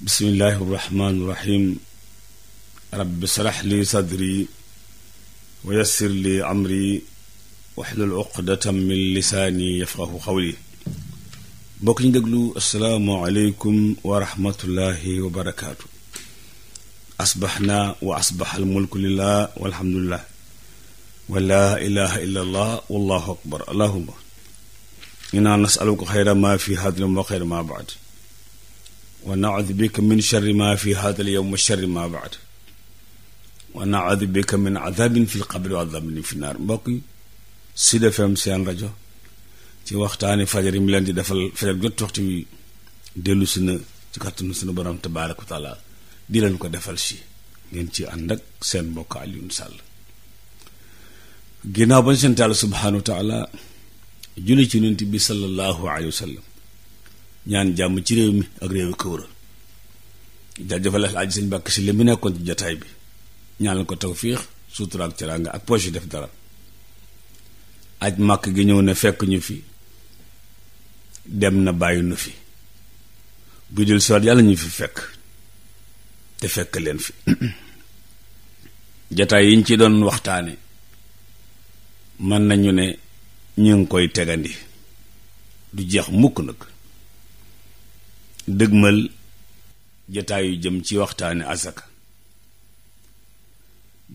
bismillaahi rahmaani rahiim rabbi sarax li sadri wa yassir li amri waxlul uqdatam min lisaani yafqahu xawli bokk ñu déglu assalaamu aleykum wa rahmatullaahi wa barakaatu asbaxna wa asbax almulku lillah walhamdulillah wa laa ilaha illa allah wallahu akbar allahuma inaa nasaluka xayra ma fi hadrin wa xayra ma baad wa naudu bika min sharri ma fi hada al yowm wa sharri ma baad wa naudu bika min adabin fi lqabri wa adabin fi naar mbokk yi Sud FM seen rajo ci waxtaani fajar yi mu leen di defal fajar jot waxtu wi dellu si na ci kàttanu sunu borom tabaaraka wa taala di leen ko defal si ngeen ci ànd ak seen mbokk Alioune Sall ginnaaw bañ seen taal subhaanahu wa taala julli ci nunti bi sallallahu alayhi wa sallam ñaan jàmm ci réew mi ak réew yi ko wër jaajëfal Alaaji Sëñ Mbàkke Sylla mi nekkoon ci jotaay bi ñaanal ko tawfiix sutura ak teraanga ak poche def dara aj màkk gi ñëw na fekk ñu fi dem na bàyyi nu fi bu dul soor yàlla ñu fi fekk te fekk leen fi jataay yi ñu ci doon waxtaane mën nañu ne ñu ngi koy tegandi du jeex mukk nag dëgmal jataayu jëm ci waxtaane asaka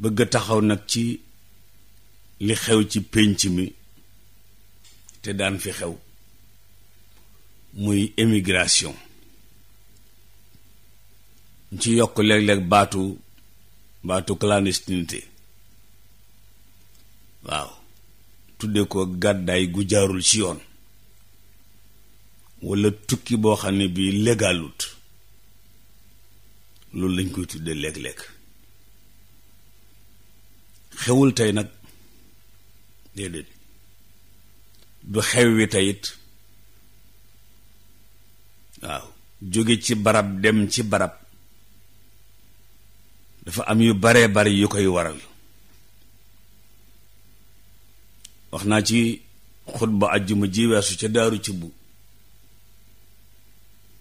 bëgg a taxaw nag ci li xew ci pénc mi te daan fi xew muy émigration ci yokk léeg-léeg baatu baatu clandestinité waaw tudde ko gàddaay gu jaarul ci yoon walla tukki boo xam ne bii légalut loolu lañ koy tuddee léeg lekk xewul tey nag déedéet du xew wi teyit waaw jóge ci barab dem ci barab dafa am yu baree bari yu koy waral wax naa ci ba ajjuma ji weesu ca daaru ci bu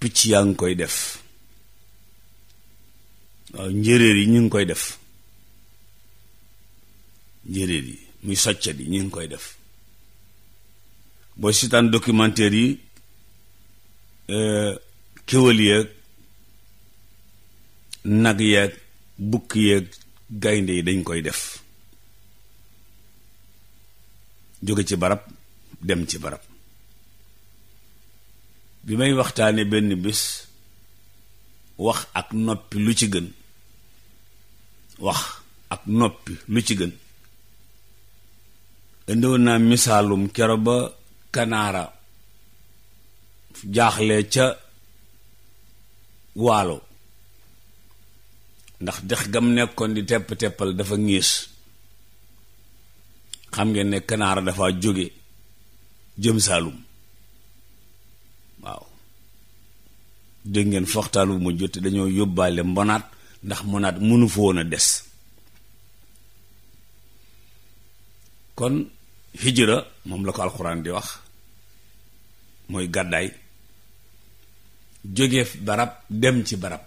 picc yaa ngi koy def waaw njéeréer yi ñu ngi koy def njéeréer yi muy soccet yi ñu ngi koy def boo seetaan documentaire yi euh, kéwél yeeg nag yeeg bukk yeeg gaynde yi dañ koy def jóge ci barab dem ci barab bi may waxtaane benn bis wax ak noppi lu ci gën wax ak noppi lu ci gën indiwoon naa misaalum kero ba kanaara jaaxle ca waalo ndax dex gam nekkoon di tepp teppal dafa ngiis xam ngeen ne kanaara dafa jóge jëm saalum dégg ngeen foxtaan bu mujj te dañoo yóbbaale mbonaat ndax mbonaat mënu fa woon a des kon hijra moom la ko alxuraan di wax mooy gàddaay jóge barab dem ci barab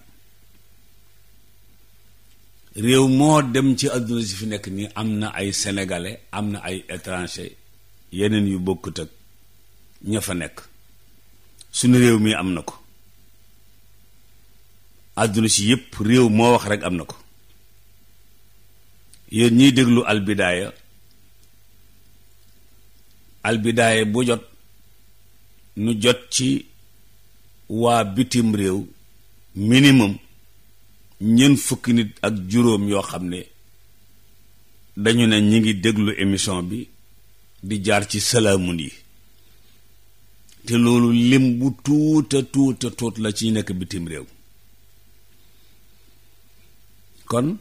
réew moo dem ci àdduna si fi nekk nii am na ay senegale am na ay étranger yeneen yu bokkut ak ña fa nekk suñu réew mii am na ko àdduna si yëpp réew moo wax rek am na ko yéen ñiy déglu albidaaya albidaaya bu jot ñu jot ci waa bitim réew minimum ñeent fukki nit ak juróom yoo xam ne dañu ne ñi ngi déglu émission bi di jaar ci salaamun yi te loolu lim bu tuuta tuuta tuut la ci nekk bitim réew kon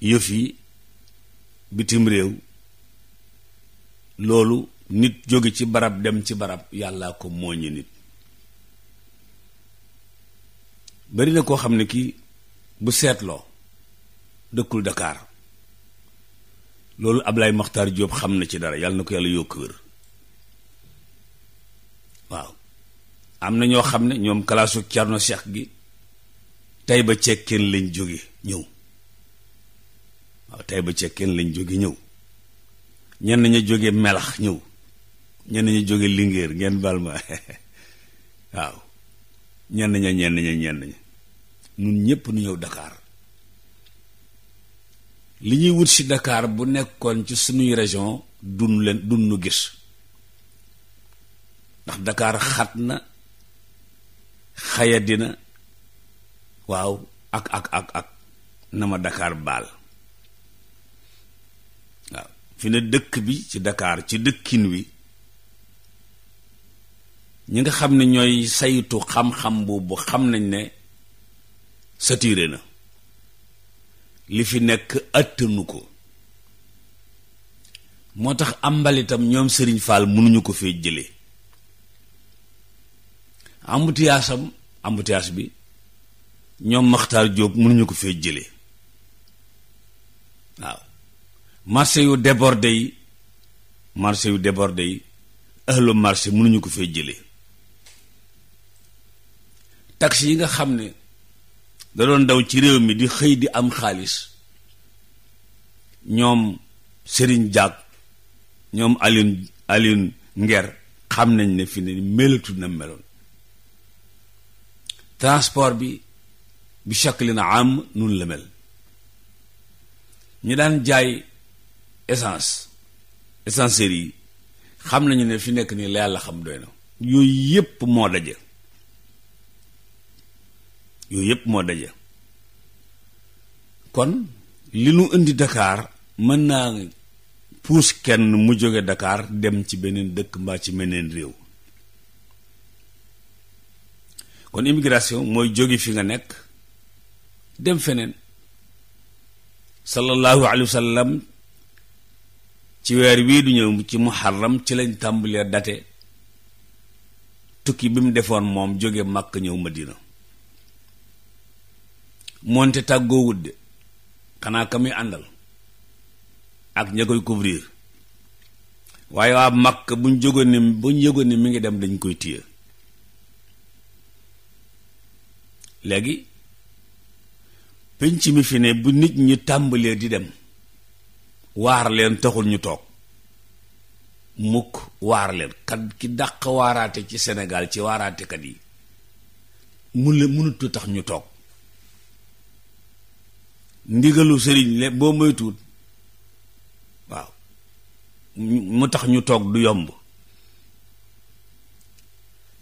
yëf yi bitim réew loolu nit jóge ci barab dem ci barab yàllaa ko mooñi nit bari na koo xam ne kii bu seetloo dëkkul dakaar loolu ab lay Makhtar Diop xam na ci dara yàlla na ko yàlla yokk wér waaw am na ñoo xam ne ñoom kalaasu Cerno Cheikh gi tey ba cekkeen lañ jóge ñëw waaw tey ba cekkeen lañ jóge ñëw ñenn ñu jóge melax ñëw ñenn ñu jóge lingéer ngeen bal ma waaw ñenn ña ñenn ña ñenn ñépp nu ñëw dakaar li ñuy wut si bu nekkoon ci suñuy région dun leen dun nu gis ndax dakaar xat na xaya dina waaw ak ak ak ak na ma Dakar baal waaw fi ne dëkk bi ci dakaar ci dëkkin wi ñi nga xam ne ñooy saytu xam-xam boobu xam nañ ne saturé na li fi nekk attanu ko moo tax am mbalitam ñoom sëriñ Fall mënuñu ko fee jële ambutiyaasam ambutiyaas bi ñoom maxtaar jóob mënuñu ko fee jële waaw marché yu débordé yi marché yu débordé yi ëllu marché mënuñu ko fee jële taxi yi nga xam ne da doon daw ci réew mi di xëy di am xaalis ñoom Serigne Diak ñoom Alioune Alioune nger xam nañ ne fi ne melatu na meloon transport bi bi shaklin am nun lemel ñi daan jaay essence essencerie yi xam nañu ne fi nekk nii la yàlla xam doy na yooyu yëpp moo daje yooyu yëpp moo daje kon li nu indi Dakar mën naa puus kenn mu jóge dakaar dem ci beneen dëkk mbaa ci beneen réew kon immigration mooy jóge fi nga nekk dem feneen sallallahu alayhi wa sallam ci weer wii du ñëw ci muharram ci lañ tàmbalee date tukki bi mu defoon moom jóge màkk ñëw ma dina moonte tàggoo wudde xanaa ka muy àndal ak ña koy couvrir waaye waa màkk buñ jógoon ni buñ yëgoon ni mi ngi dem dañ koy téye léegi penc mi fi ne bu nit ñu tàmbalee di dem waar leen taxul ñu toog mukk waar leen kat ki dàq waaraate ci senegaal ci waaraatekat yi mun la mënutu tax ñu toog ndigalu sëriñ le boo moytuwut waaw mu tax ñu toog du yomb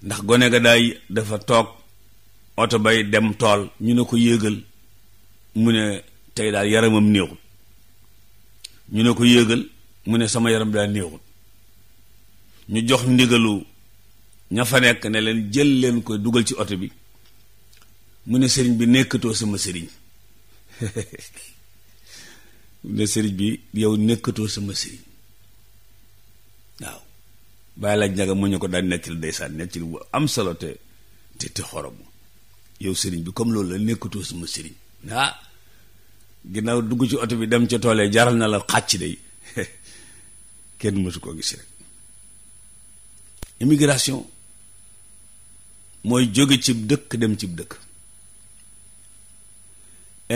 ndax gone ga daay dafa toog oto bay dem tool ñu ne ko yéegal mu ne tey daal yaramam néexul ñu ne ko yéegal mu ne sama yaram daal néexul ñu jox ndigalu ña fa nekk ne leen jël leen koy dugal ci oto bi mu ne sëriñ bi nekkatoo sama sëriñ mu ne sëriñ bi yow nekkatoo sama sëriñ waaw bàyyi laaj njaga mu ñu ko daal nettali ndeysaan nettali bu am solo te te yow sëriñ bi comme loolu la nekkatoo sama sëriñ ah. ginnaaw dugg ci oto bi dem ca tool jaral na la xàcc day kenn mësu koo gis rek immigration mooy jóge cib dëkk dem cib dëkk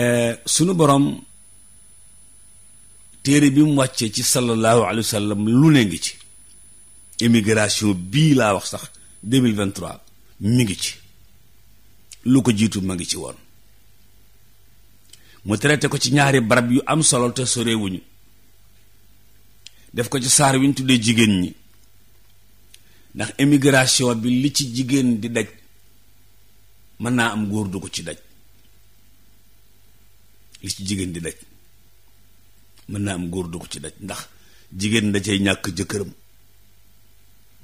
eh, sunu borom téere bi mu wàccee ci sallallahu alayhi wa sallam lu ne ngi ci immigration bii laa wax sax 2023 mi ngi ci lu ko jiitu ma ngi ci woon mu traité ko ci ñaari barab yu am solo te sorewuñu def ko ci saar wi ñu tuddee jigéen ñi ndax émigration bi li ci jigéen di daj mën naa am góor du ko ci daj li ci jigéen di daj mën naa am góor du ci daj ndax jigéen da cay ñàkk jëkkëram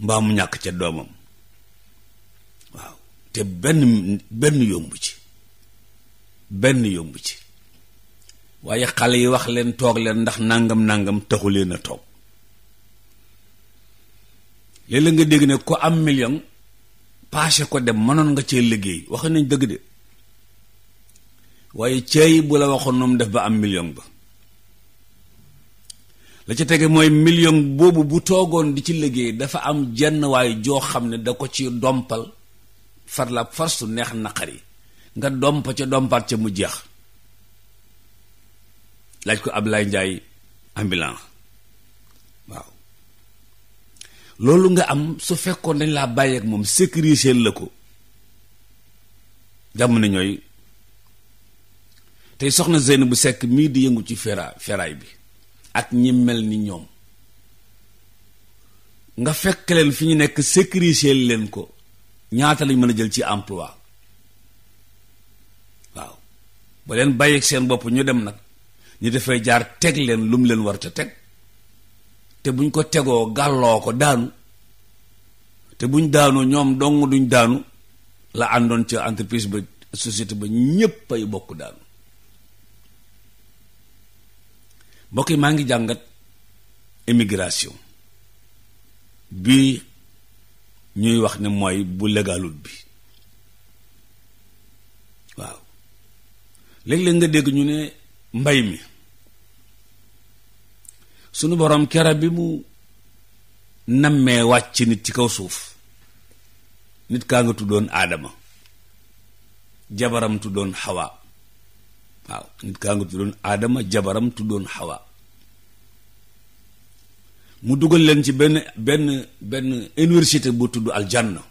mbaa mu ñàkk ca doomam waaw te benn benn yomb ci benn yomb ci waaye xale yi wax leen toog leen ndax nangam nangam taxu leen a toog léeg-léeg nga dégg ne ku am million passé ko dem mënoon nga cee liggéey wax nañ dëgg de waaye ceey bu la waxoon noonu def ba am million ba la ca tege mooy million boobu bu toogoon di ci liggéey dafa am jenn waaye joo xam ne da ko ci dompal far su neex naqar yi nga domp ca dompaat ca mu jeex laaj ko Ablaye njaay ambulance waaw loolu nga am su fekkoon dañ laa bàyyeek moom sécuriser la ko jamono ñooy tey soxna bu Sekk mii di yëngu ci fera feraay bi ak ñi mel ni ñoom nga fekk leen fi ñu nekk sécuriser leen ko ñaata lañ mën a jël ci emploi waaw ba leen bàyyeek seen bopp ñu dem nag ñu dafay jaar teg leen lu mu leen war teg te buñ ko tegoo gàlloo ko daanu te buñ daanu ñoom dong duñ daanu la àndoon ca entreprise ba société ba ñépp ay bokk daanu mbokk yi maa ngi jàngat immigration bi ñuy wax ne mooy bu légalul bi waaw léegi léeg nga dégg ñu ne mbay mi sunu borom kera bi mu nammee wàcc nit ci kaw suuf nit kaa nga tuddoon aadama jabaram tuddoon xawaa waaw nit kaa aadama jabaram tuddoon xawaa mu dugal leen ci benn benn benn bu tudd aljanna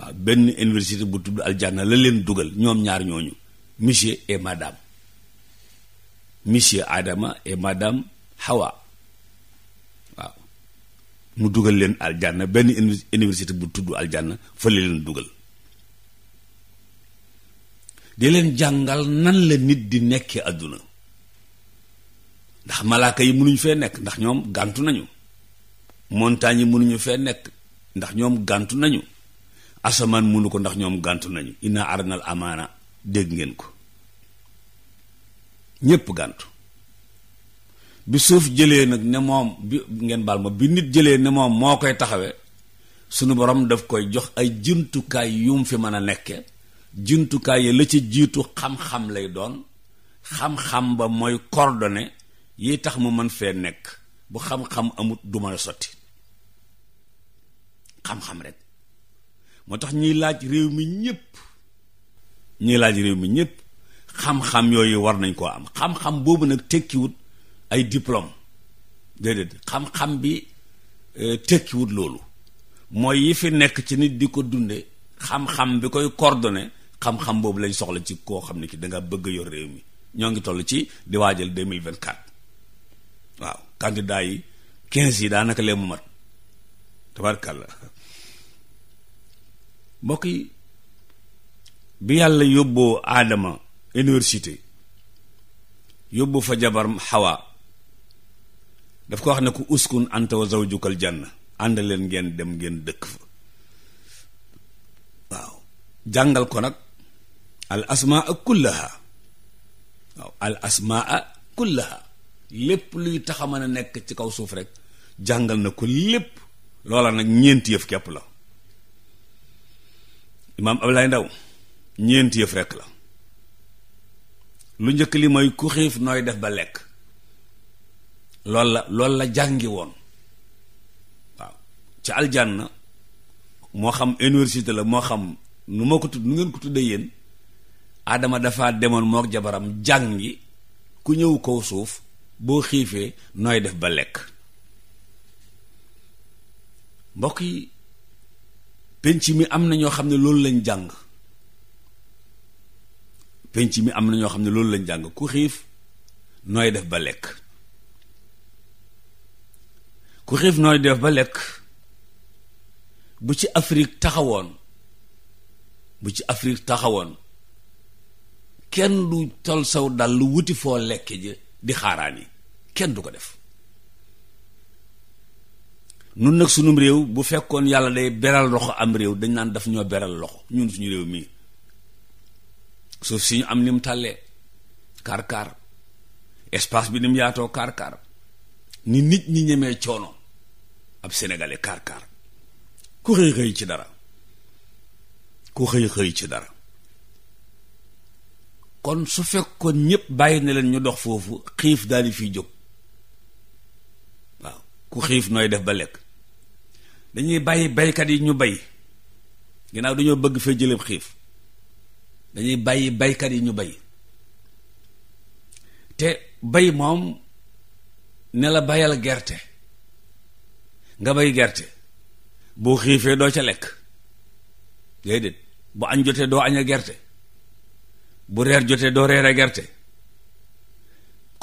waaw benn université bu tudd aljanna la leen dugal ñoom ñaar ñooñu monsieur et madame monsieur Adama et madame xawa waaw mu dugal leen aljanna benn université bu tudd aljanna fële leen dugal di leen jàngal nan la nit di nekkee àdduna ndax malaaka yi mënuñu fee nekk ndax ñoom gàntu nañu montagne yi mënuñu fee nekk ndax ñoom gàntu nañu asamaan mënu ko ndax ñoom gàntu nañu inna aranal amaana dégg ngeen ko ñépp gàntu bi suuf jëlee nag ne moom bi ngeen baal ma bi nit jëlee ne moom moo koy taxawee sunu borom daf koy jox ay yu mu fi mën a nekke jumtukaay yi la ci jiitu xam-xam lay doon xam-xam ba mooy coordonné yi tax mu mën fee nekk bu xam-xam amut du mën a sotti xam-xam rek moo tax ñuy laaj réew mi ñëpp ñiy laaj réew mi ñëpp xam-xam yooyu war nañ koo am xam-xam boobu nag tekkiwut ay diplôme déedéet xam-xam bi euh, tekkiwut loolu mooy yi fi nekk ci nit di ko dunde xam-xam bi koy coordonné xam-xam boobu lañ soxla ci koo xam ne ki danga bëgg yor réew mi ñoo ngi toll ci di waajal 2024 waaw candidat yi yi daanaka lee mu mat tabarkàlla mbokk yi bi yàlla yóbboo aadama université yóbbu fa jabar xawa daf ko wax ne ku uskun anta wa zawjukal janna ànd leen ngeen dem ngeen dëkk fa waaw jàngal ko nag al asmaa kullaha waaw al asmaa kullaha lépp luy tax a mën a nekk ci kaw suuf rek jàngal na ko lépp loola nag ñeenti yëf képp la imaam Ablaye Ndaw ñeenti yëf rekk la lu njëkk li mooy ku xiif nooy def ba lekk lool la loolu la jàngi woon waaw ci aljanna moo xam université la moo xam nu ma ko tudd nu ngeen ko tuddee yéen aadama dafa demoon moo jabaram jàngi ku ñëw kaw suuf boo xiifee nooy def ba lekk mbokk yi penc mi am na ñoo xam ne loolu lañ jàng penc mi am na ñoo xam ne loolu lañ jàng ku xiif nooy def ba lekk ku xiif nooy def ba lekk bu ci Afrique taxawoon bu ci Afrique taxawoon kenn du tol saw dal lu wuti foo lekke ji di yi kenn du ko def nun nag sunum réew bu fekkoon yàlla day beral loxo am réew dañ naan daf ñoo beral loxo ñun suñu réew mii suuf si ñu am ni mu tàllee kaar kaar espace bi ni mu yaatoo kaar kaar ni nit ñi ñemee coono ab sénégalais kaar-kaar ku xëy-xëy ci dara ku xëy-xëy ci dara kon su fekkoon ñépp bàyyi na leen ñu dox foofu xiif daal di fi jóg waaw ku xiif nooy def ba lekk dañuy bàyyi baykat yi ñu bay ginnaaw dañoo bëgg fee jëleb xiif dañuy bàyyi baykat yi ñu bay te bay moom ne la bayal gerte nga bay gerte boo xiifee doo ca lekk déedéet bu añ jotee doo aña gerte bu reer jotee doo reere gerte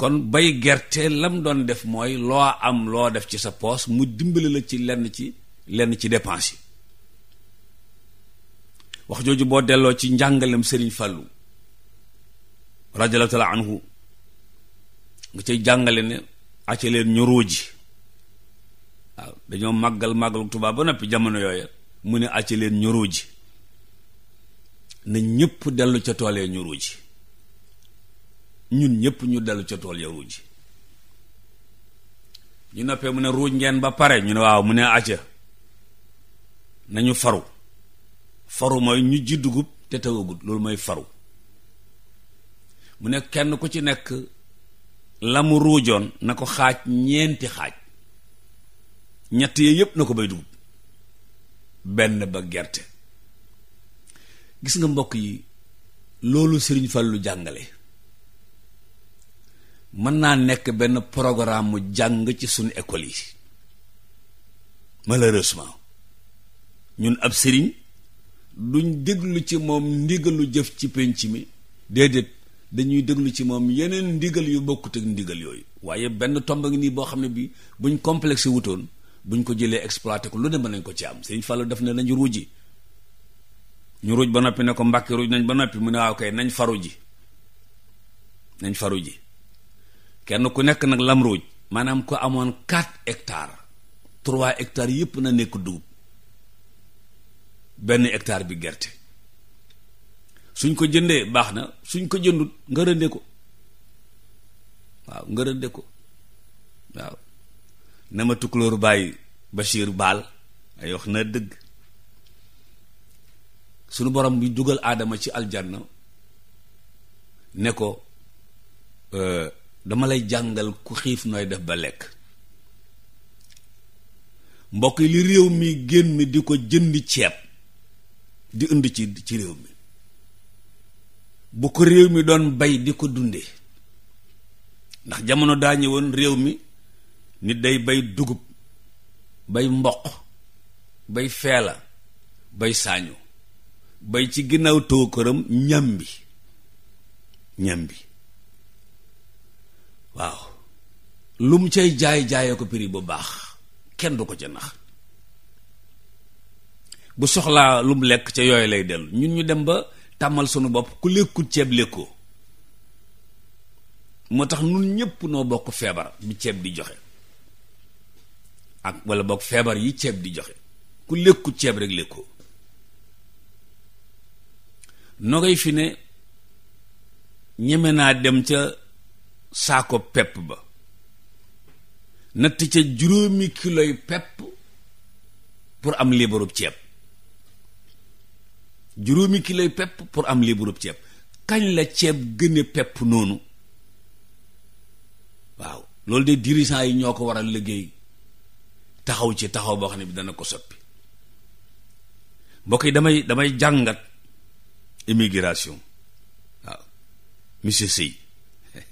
kon bay gerte lam doon def mooy loo am loo def ci sa poos mu dimbali la ci lenn ci lenn ci dépense yi wax jooju boo delloo ci njàngalem sëriñ fàllu radiyallahu taala anhu nga cay jàngale ne acca leen ñu ruuji dañoo màggal màggalu tubaab ba noppi jamono yooya mu ne acc leen ñoroo ji na ñëpp dellu ca toolee ñoroo ji ñun ñëpp ñu dellu ca tool ya ruuj ji ñu noppee mu ne ruuj ngeen ba pare ñu ne waaw mu ne acca nañu faru faru mooy ñu ji dugub te tawagut loolu mooy faru mu ne kenn ku ci nekk la mu ruujoon na ko xaaj ñeenti xaaj ñett yee yëpp na ko bay dugub benn ba gerte gis nga mbokk yi loolu Sëriñ lu jàngale mën naa nekk benn programme mu jàng ci suñu école yi malheureusement ñun ab sëriñ duñ déglu ci moom ndigalu jëf ci pénc mi déedéet dañuy déglu ci moom yeneen ndigal yu bokkut ak ndigal yooyu waaye benn tomb ngi nii boo xam ne bi buñ complexe wutoon buñ ko jëlee exploité ko lu dem mën nañ ko ci am sëñ Fallou daf ne nañu ruuji ñu ruuj ba noppi ne ko mbàkki ruuj nañ ba noppi mu ne waaw kay nañ faru ji nañ faru ji kenn ku nekk nag lam ruuj maanaam ko amoon 4 hectares 3 hectares yëpp na nekk dugub benn hectare bi gerte suñ ko jëndee baax na suñ ko jëndu nga rënde ko waaw nga rënde ko waaw na ma tukulóoru bàyyi Bachir Baal ay wax na dëgg sunu borom bi jugal aadama ci aljana ne ko euh, dama lay jàngal ku xiif nooy def ba lekk mbokk yi li réew mi génn di ko jënd ceeb di indi ci ci réew mi bu ko réew mi doon bay di ko dunde ndax jamono daa ñëwoon réew mi nit day bay dugub bay mboq bay feela bay saañu bay ci ginnaaw too këram ñam bi ñam bi waaw lu mu cay jaay jaayee ko prix bu baax kenn du ko ca nax bu soxlaa lu mu lekk ca yooyu lay dellu ñun ñu dem ba tàmmal sunu bopp ku lekkut ceeb lekkoo moo tax nun ñépp noo bokk feebar bi ceeb di joxe ak wala boog feebar yi ceeb di joxe ku lekku ceeb rek lékkoo nogay fi ne ñeme naa dem ca saako pepp ba natt ca juróomi kiloy pepp pour am liibarub ceeb juróomi kiloy pepp pour am liibarub ceeb kañ la ceeb gëne pepp noonu waaw loolu de dirigeant yi ñoo ko war a liggéey taxaw ci taxaw boo xam ne bi dana ko soppi mbokk yi damay damay jàngat immigration waaw monsieur Sey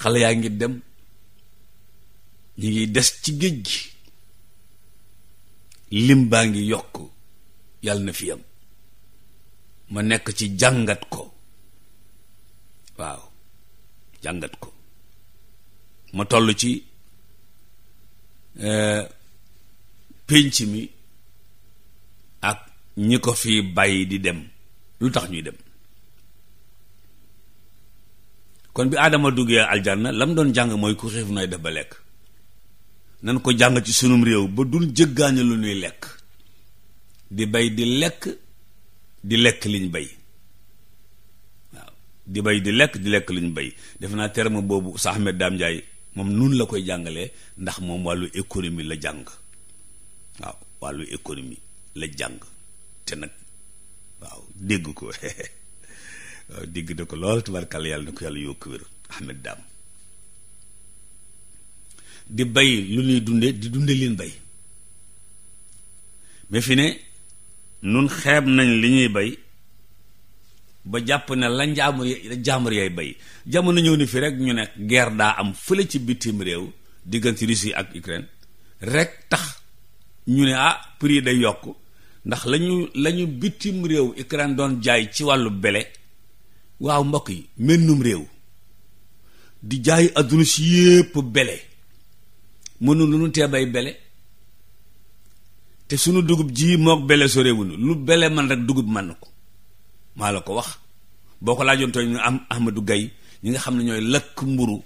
xale yaa ngi dem ñu ngi des ci géej gi lim baa ngi yokk yàlla na fi am ma nekk ci jàngat ko waaw jàngat ko ma toll ci pénc mi ak ñi ko fi bàyyi di dem lu tax ñuy dem kon bi aadama duggee aljanna lam doon jàng mooy ku xiif nooy def ba lekk nan ko jàng ci sunum réew ba dul jëggaane lu ñuy lekk di bay di lekk di lekk liñ bay waaw di bay di lekk di lekk liñ bay def naa terme boobu sa Ahmed Daam Njaay moom nun la koy jàngalee ndax moom wàllu économie la jàng waaw wàllu économie la jàng te nag waaw dégg ko waaw dégg na ko lool tubarkàlla yàlla na ko yàlla yokk wér Ahmed Dam di bay lu ñuy dunde di dunde leen bay mais fi ne nun xeeb nañ li ñuy bay ba jàpp ne la njaamur la bay jamono ñëw ni fi rek ñu ne guerre daa am fële ci bitim réew diggante Russie ak Ukraine rek tax ñu ne ah prix day yokk ndax lañu lañu bitim réew Ukraine doon jaay ci wàllu bele waaw mbokk yi mennum réew di jaay adduna si yépp bele mënu lu nu tee bele te sunu dugub ji mook bele sorewunu lu bele man rek dugub man na ko maa la ko wax boo ko laajoon tooñ ñu am Ahmadou gay ñi nga xam ne ñooy lakk mburu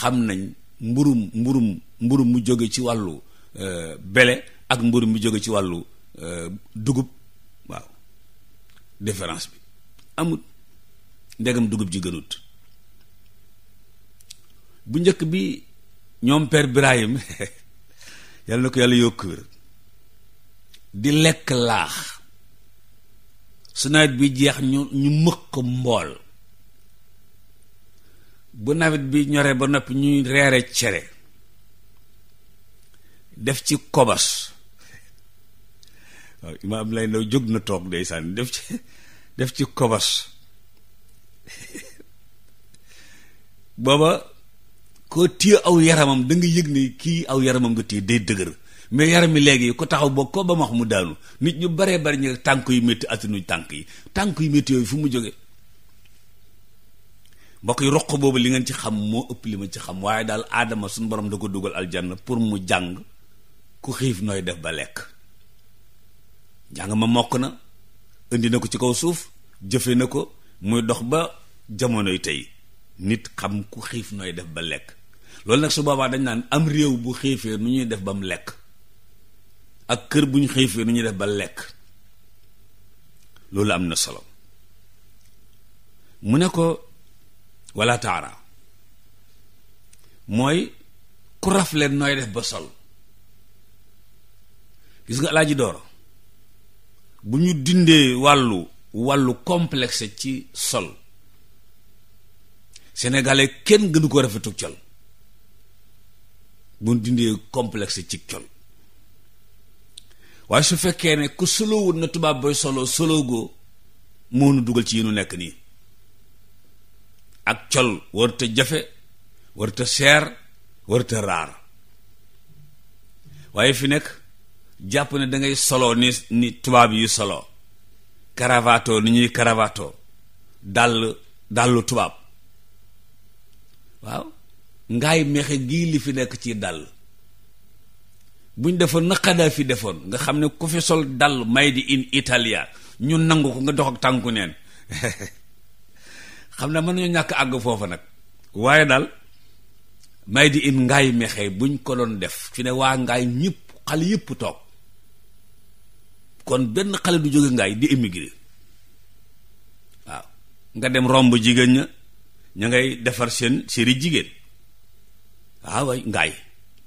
xam nañ mburum mburum mburu mu jóge ci wàllu euh, bele ak mburu mu jóge ci wàllu euh, dugub waaw différence bi amut ndegam dugub ji bu njëkk bi ñoom père Birahim yàlla na ko yàlla yokk wér di lekk laax su nawet bi jeex ñu ñu mëkk mbool bu nawet bi ñore ba noppi ñuy reere cere def ci kobos waaw imaam lay ndaw jóg na toog ndeysaan def ci def ci kobos booba koo téye aw yaramam da nga yëg ni kii aw yaramam nga téye day dëgër mais yaram mi léegi ko taxaw bokk ko ba ma wax mu daanu nit ñu baree bari ñu tànk yu métti atinuñ tànk yi tànk yu métti yooyu fu mu jóge mbokk yu roq boobu li ngeen ci xam moo ëpp li ma ci xam waaye daal aadama suñu borom da ko dugal aljanna pour mu jàng ku xiif nooy def ba lekk jàng ma mokk na indi na ko ci kaw suuf jëfe na ko muy dox ba jamonoy tey nit xam ku xiif nooy def ba lekk loolu nag su boobaa dañ naan am réew bu xiifee nu ñuy def ba mu lekk ak kër bu ñu xiifee nu ñuy def ba lekk loolu am na solo mu ne ko walla taara mooy ku raf leen nooy def ba sol gis nga alaaji dooro bu ñu dindee wàllu wàllu complexe ci sol sénégalais kenn gënu ko rafetu col bu ñu dindee complexe ci col waaye su fekkee ne ku solowut na tubaab booy solo solowgoo moo nu dugal ci yi nekk nii ak col warta jafe warta seer warta raar waaye fi nekk jàpp ne dangay solo ni ni tubaab yi solo karavato ni ñuy karavato dàll dàllu tubaab waaw ngaay mexe gii li fi nekk ci dàll buñ defoon na Kadhafi defoon nga xam ne ku fi sol dal made in Italia ñu nangu ko nga dox ak tànku neen xam ne mën nañu ñàkk àgg foofa nag waaye daal di in ngay mexe buñ ko doon def fi ne waa ngaay ñëpp xale yëpp toog kon benn xale du jóge ngaay di émigré waaw nga dem romb jigéen ña ña ngay defar seen séri jigéen waaw waay ngaay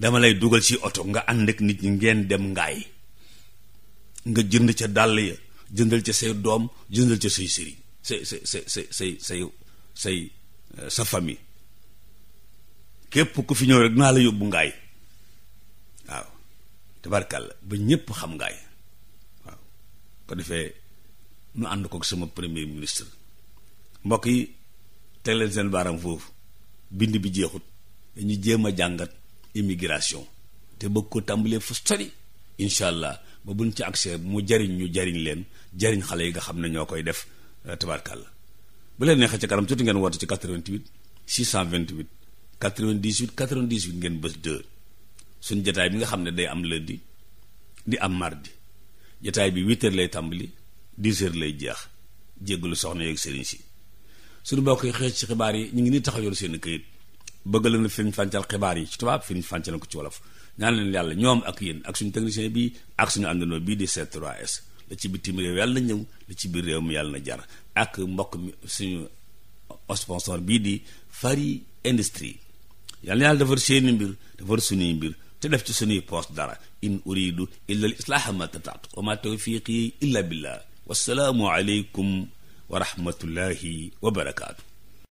dama lay dugal ci oto nga ànd ak nit ñi ngeen dem ngaay nga jënd ca dàll ya jëndal ca say doom jëndal ca say sëriñ say say say say say uh, sa famille képp ku fi ñëw rek naa la yóbbu ngaay waaw tabarkàlla ba ñépp xam ngaay waaw ko defee nu ànd kook sama premier ministre mbokk yi teg leen seen baaram foofu bind bi jeexut dañu jéem a jàngat immigration te bëgg ko tàmbalee fu sori incha allah ba buñ ci accès mu jariñ ñu jariñ leen jariñ xale yi nga xam ne ñoo koy def euh, tabarkàlla bu leen neexee ci kanam tuuti ngeen woote ci 88 628 98 98 ngeen bës 2 suñ jotaay bi nga xam ne day am lundi di am mardi jataay bi 8 heures lay tàmbali 10 heures lay jeex jéggalu soxna yeeg sëriñ si suñu mbokk yi xëy ci xibaar yi ñu ngi ni taxaw yoon seen i këyit bëgg la na firiñ fàncal xibaar yi ci tubaab firiñ fàncal ko ci wolof ñaan leen yàlla ñoom ak yéen ak suñu technicien bii ak suñu àndandoo bii di C3S la ci bitim réew yàlla na ñëw la ci biir réew mi yàlla na jar ak mbokk mi suñu sponsor bii di Fari Industrie yàlla na yàlla defar seeni mbir defar suñuy mbir te def ci suñuy post dara in uridu illa al islaaha ma tataatu wa ma tawfiqi illa billah wassalaamu aleykum wa rahmatullahi wa barakaatu